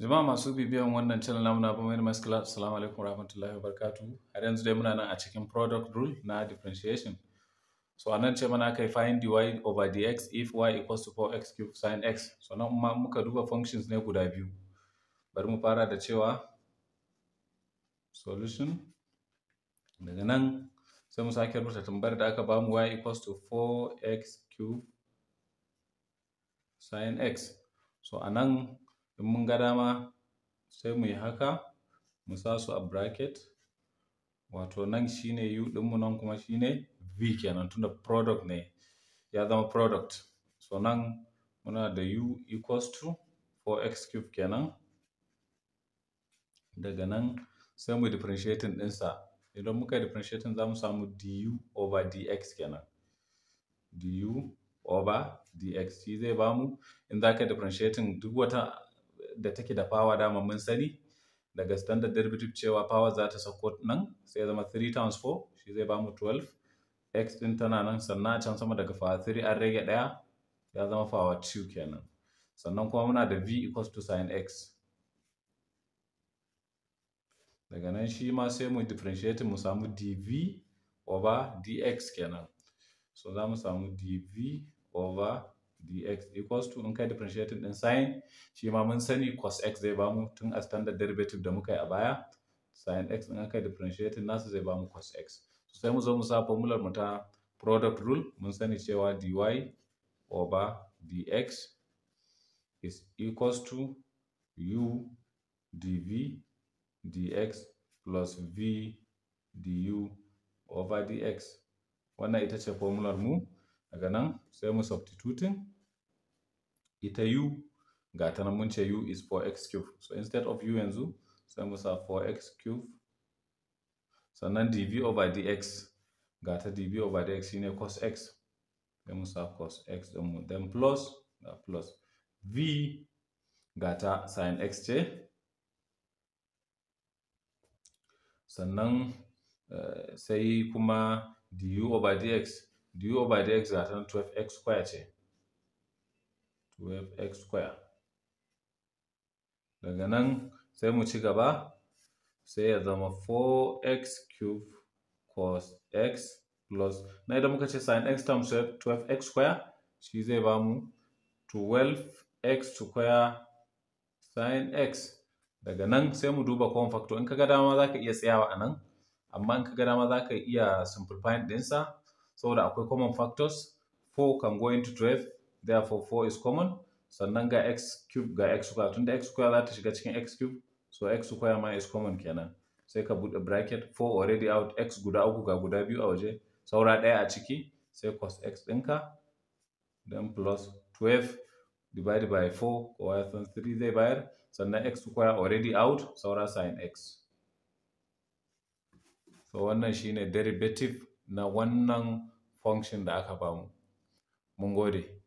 Jama'a masu bibiyan wannan channel namu na Bamir Mass Class, assalamu alaikum warahmatullahi wabarakatuh. Har yanzu dai muna nan a cikin product rule na differentiation. So anan ce mana kai find dy over dx if y equals to 4x cube sin x. So nan ma muka duba functions ne guda biyu. Bari mu fara da cewa solution daga nan sai mu sake rubuta tambayar da aka bamu y equals to 4x cube sin x. So anan in mun ga dama sai mu yi haka mu sa su a bracket wato nan shine u ɗinmu nan kuma shine v kenan tunda product ne ya zama product so nan muna da u equals to 4x cube kenan daga nan sai mu differentiating ɗinsa idan muka yi differentiating za mu samu du over dx kenan du over dx shi zai bamu in za ka differentiating duk wata da take da power dama mun sani daga standard derivative cewa power za ta sauko nan sai ya zama 3 times 4 shi zai ba mu 12 x din tana nan sannan can sama daga power 3 an rage daya ya zama power 2 kenan sannan kuma muna da v equals to sin x daga nan shi ma sai mu differentiate mu samu dv over dx kenan so za mu samu dv over dx equals to in kai differentiating din sin shi ma mun sani cos x zai ba mu tun a standard derivative da muka yi a baya sin x in aka differentiating nasu zai ba mu cos x sai mu zo mu sa formular mu ta product rule mun sani cewa dy over dx is equals to u dv dx plus v du over dx wannan ita ce formular mu daga nan sai mu substituting ita u ga ta nan mun ce u is 4x cube so instead of u yanzu sai mu sa 4x cube sannan dv over dx ga ta dv over dx shine cos x sai mu sa cos x din mu then plus ga plus v ga ta sin x ce sannan eh, sai kuma du over dx du over dx ga ta 12x square ce 12x square daga nan sai mu ci gaba sai ya zama 4x cube cos x plus na idan muka ce sin x times 12x square shi zai ba mu 12x square sin x daga nan sai mu duba common factor in ka ga dama za ka iya tsayawa a nan amma in ka ga dama za ka iya simplifying ɗinsa saboda akwai common factors 4 can go into 12 therefore 4 is common sannan ga x cube ga x square tunda x square za ta shiga cikin x cube so x square ma is common kenan sai ka bude bracket 4 already out x guda uku ga guda biyu a waje saura ɗaya a ciki sai cos x dinka, then plus 12 divided by 4 ko 3 zai bayar sannan x square already out saura sin x so wannan shine derivative na wannan function da aka bamu. Mun gode.